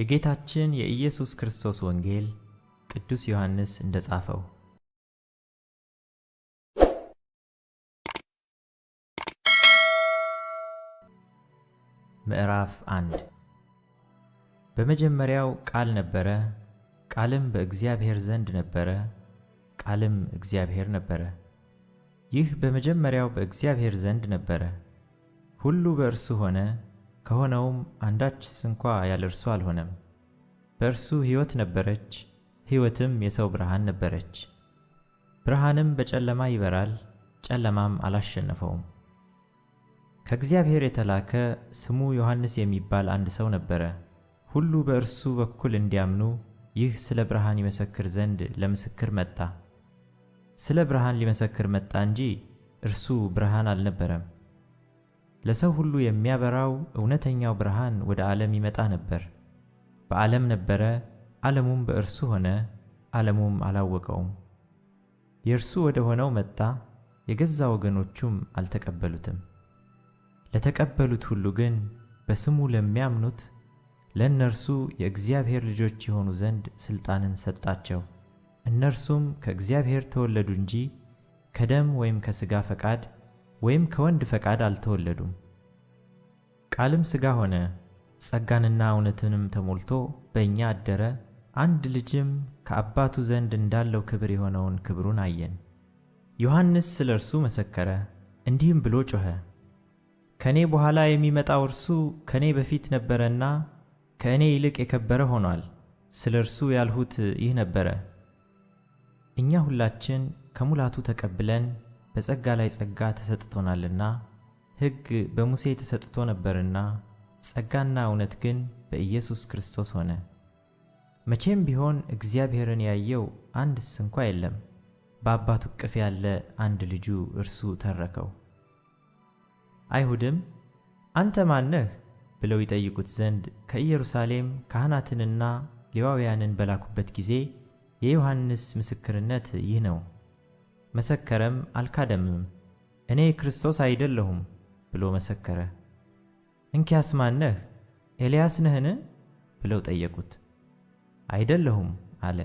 የጌታችን የኢየሱስ ክርስቶስ ወንጌል ቅዱስ ዮሐንስ እንደጻፈው ምዕራፍ አንድ በመጀመሪያው ቃል ነበረ፣ ቃልም በእግዚአብሔር ዘንድ ነበረ፣ ቃልም እግዚአብሔር ነበረ። ይህ በመጀመሪያው በእግዚአብሔር ዘንድ ነበረ። ሁሉ በእርሱ ሆነ፣ ከሆነውም አንዳች ስንኳ ያለ እርሱ አልሆነም። በእርሱ ሕይወት ነበረች፣ ሕይወትም የሰው ብርሃን ነበረች። ብርሃንም በጨለማ ይበራል፣ ጨለማም አላሸነፈውም። ከእግዚአብሔር የተላከ ስሙ ዮሐንስ የሚባል አንድ ሰው ነበረ። ሁሉ በእርሱ በኩል እንዲያምኑ ይህ ስለ ብርሃን ይመሰክር ዘንድ ለምስክር መጣ። ስለ ብርሃን ሊመሰክር መጣ እንጂ እርሱ ብርሃን አልነበረም። ለሰው ሁሉ የሚያበራው እውነተኛው ብርሃን ወደ ዓለም ይመጣ ነበር። በዓለም ነበረ፣ ዓለሙም በእርሱ ሆነ፣ ዓለሙም አላወቀውም። የእርሱ ወደ ሆነው መጣ፣ የገዛ ወገኖቹም አልተቀበሉትም። ለተቀበሉት ሁሉ ግን በስሙ ለሚያምኑት ለእነርሱ የእግዚአብሔር ልጆች የሆኑ ዘንድ ሥልጣንን ሰጣቸው። እነርሱም ከእግዚአብሔር ተወለዱ እንጂ ከደም ወይም ከሥጋ ፈቃድ ወይም ከወንድ ፈቃድ አልተወለዱም። ቃልም ሥጋ ሆነ፣ ጸጋንና እውነትንም ተሞልቶ በእኛ አደረ፣ አንድ ልጅም ከአባቱ ዘንድ እንዳለው ክብር የሆነውን ክብሩን አየን። ዮሐንስ ስለ እርሱ መሰከረ፣ እንዲህም ብሎ ጮኸ፣ ከእኔ በኋላ የሚመጣው እርሱ ከእኔ በፊት ነበረና ከእኔ ይልቅ የከበረ ሆኗል። ስለ እርሱ ያልሁት ይህ ነበረ። እኛ ሁላችን ከሙላቱ ተቀብለን በጸጋ ላይ ጸጋ ተሰጥቶናልና ሕግ በሙሴ ተሰጥቶ ነበርና ጸጋና እውነት ግን በኢየሱስ ክርስቶስ ሆነ። መቼም ቢሆን እግዚአብሔርን ያየው አንድስ እንኳ የለም፤ በአባቱ እቅፍ ያለ አንድ ልጁ እርሱ ተረከው። አይሁድም አንተ ማነህ ብለው ይጠይቁት ዘንድ ከኢየሩሳሌም ካህናትንና ሌዋውያንን በላኩበት ጊዜ የዮሐንስ ምስክርነት ይህ ነው መሰከረም አልካደምም። እኔ ክርስቶስ አይደለሁም ብሎ መሰከረ። እንኪያስ ማነህ? ኤልያስ ነህን? ብለው ጠየቁት። አይደለሁም አለ።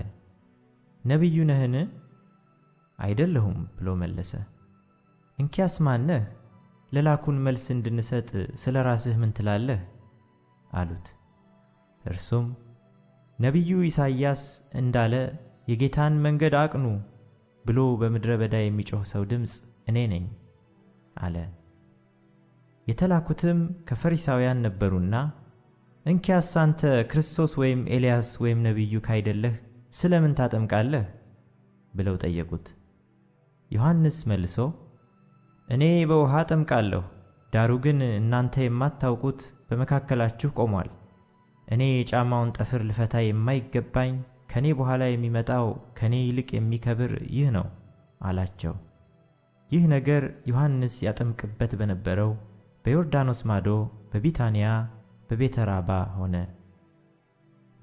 ነቢዩ ነህን? አይደለሁም ብሎ መለሰ። እንኪያስ ማነህ? ለላኩን መልስ እንድንሰጥ ስለ ራስህ ምን ትላለህ? አሉት። እርሱም ነቢዩ ኢሳይያስ እንዳለ የጌታን መንገድ አቅኑ ብሎ በምድረ በዳ የሚጮህ ሰው ድምፅ እኔ ነኝ አለ። የተላኩትም ከፈሪሳውያን ነበሩና እንኪያስ አንተ ክርስቶስ ወይም ኤልያስ ወይም ነቢዩ ካይደለህ ስለምን ታጠምቃለህ? ብለው ጠየቁት። ዮሐንስ መልሶ እኔ በውሃ አጠምቃለሁ፣ ዳሩ ግን እናንተ የማታውቁት በመካከላችሁ ቆሟል። እኔ የጫማውን ጠፍር ልፈታ የማይገባኝ ከኔ በኋላ የሚመጣው ከኔ ይልቅ የሚከብር ይህ ነው አላቸው። ይህ ነገር ዮሐንስ ያጠምቅበት በነበረው በዮርዳኖስ ማዶ በቢታንያ በቤተራባ ሆነ።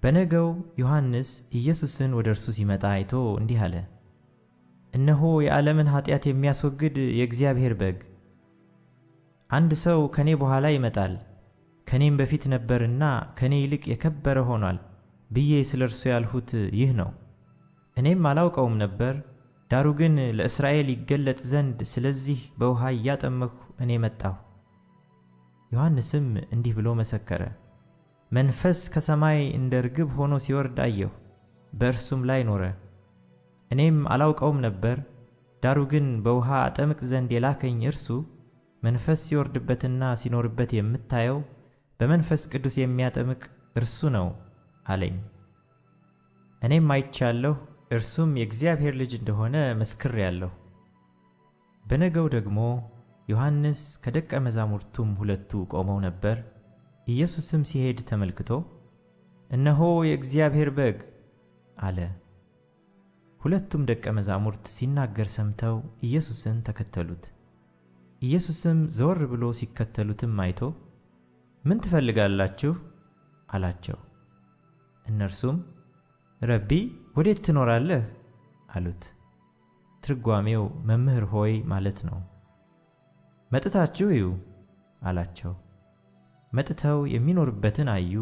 በነገው ዮሐንስ ኢየሱስን ወደ እርሱ ሲመጣ አይቶ እንዲህ አለ፣ እነሆ የዓለምን ኃጢአት የሚያስወግድ የእግዚአብሔር በግ። አንድ ሰው ከኔ በኋላ ይመጣል፣ ከኔም በፊት ነበርና ከኔ ይልቅ የከበረ ሆኗል ብዬ ስለ እርሱ ያልሁት ይህ ነው። እኔም አላውቀውም ነበር፣ ዳሩ ግን ለእስራኤል ይገለጥ ዘንድ ስለዚህ በውሃ እያጠመኩ እኔ መጣሁ። ዮሐንስም እንዲህ ብሎ መሰከረ፣ መንፈስ ከሰማይ እንደ ርግብ ሆኖ ሲወርድ አየሁ፣ በእርሱም ላይ ኖረ። እኔም አላውቀውም ነበር፣ ዳሩ ግን በውሃ አጠምቅ ዘንድ የላከኝ እርሱ መንፈስ ሲወርድበትና ሲኖርበት የምታየው በመንፈስ ቅዱስ የሚያጠምቅ እርሱ ነው አለኝ። እኔም አይቻለሁ፣ እርሱም የእግዚአብሔር ልጅ እንደሆነ መስክሬአለሁ። በነገው ደግሞ ዮሐንስ ከደቀ መዛሙርቱም ሁለቱ ቆመው ነበር። ኢየሱስም ሲሄድ ተመልክቶ እነሆ የእግዚአብሔር በግ አለ። ሁለቱም ደቀ መዛሙርት ሲናገር ሰምተው ኢየሱስን ተከተሉት። ኢየሱስም ዘወር ብሎ ሲከተሉትም አይቶ ምን ትፈልጋላችሁ? አላቸው። እነርሱም ረቢ ወዴት ትኖራለህ አሉት። ትርጓሜው መምህር ሆይ ማለት ነው። መጥታችሁ እዩ አላቸው። መጥተው የሚኖርበትን አዩ።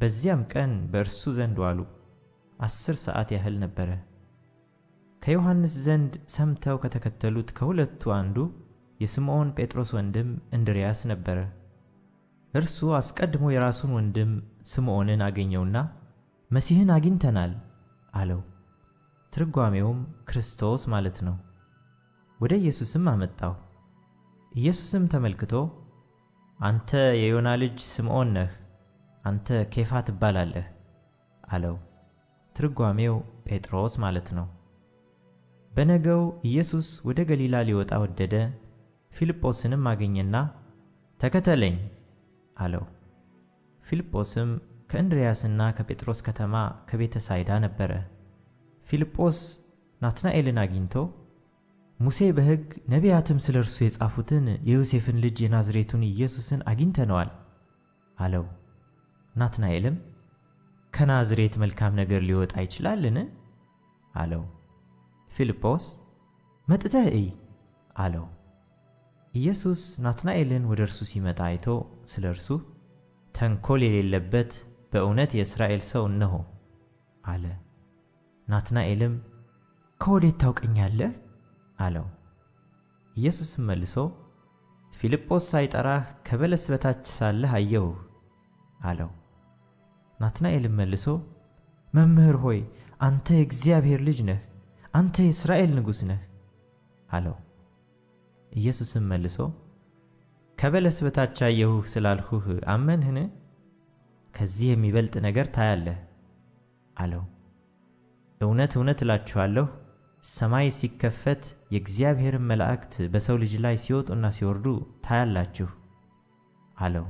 በዚያም ቀን በእርሱ ዘንድ ዋሉ። አስር ሰዓት ያህል ነበረ። ከዮሐንስ ዘንድ ሰምተው ከተከተሉት ከሁለቱ አንዱ የስምዖን ጴጥሮስ ወንድም እንድርያስ ነበረ። እርሱ አስቀድሞ የራሱን ወንድም ስምዖንን አገኘውና መሲህን አግኝተናል አለው። ትርጓሜውም ክርስቶስ ማለት ነው። ወደ ኢየሱስም አመጣው። ኢየሱስም ተመልክቶ አንተ የዮና ልጅ ስምዖን ነህ፣ አንተ ኬፋ ትባላለህ አለው። ትርጓሜው ጴጥሮስ ማለት ነው። በነገው ኢየሱስ ወደ ገሊላ ሊወጣ ወደደ። ፊልጶስንም አገኘና ተከተለኝ አለው። ፊልጶስም ከእንድርያስና ከጴጥሮስ ከተማ ከቤተ ሳይዳ ነበረ። ፊልጶስ ናትናኤልን አግኝቶ ሙሴ በሕግ ነቢያትም ስለ እርሱ የጻፉትን የዮሴፍን ልጅ የናዝሬቱን ኢየሱስን አግኝተነዋል አለው። ናትናኤልም ከናዝሬት መልካም ነገር ሊወጣ ይችላልን? አለው። ፊልጶስ መጥተህ እይ አለው። ኢየሱስ ናትናኤልን ወደ እርሱ ሲመጣ አይቶ ስለ እርሱ ተንኮል የሌለበት በእውነት የእስራኤል ሰው እነሆ አለ። ናትናኤልም ከወዴት ታውቀኛለህ አለው። ኢየሱስም መልሶ ፊልጶስ ሳይጠራህ ከበለስ በታች ሳለህ አየሁህ አለው። ናትናኤልም መልሶ መምህር ሆይ አንተ የእግዚአብሔር ልጅ ነህ፣ አንተ የእስራኤል ንጉሥ ነህ አለው። ኢየሱስም መልሶ ከበለስ በታች አየሁህ ስላልሁህ አመንህን? ከዚህ የሚበልጥ ነገር ታያለህ አለው። እውነት እውነት እላችኋለሁ ሰማይ ሲከፈት የእግዚአብሔርን መላእክት በሰው ልጅ ላይ ሲወጡና ሲወርዱ ታያላችሁ አለው።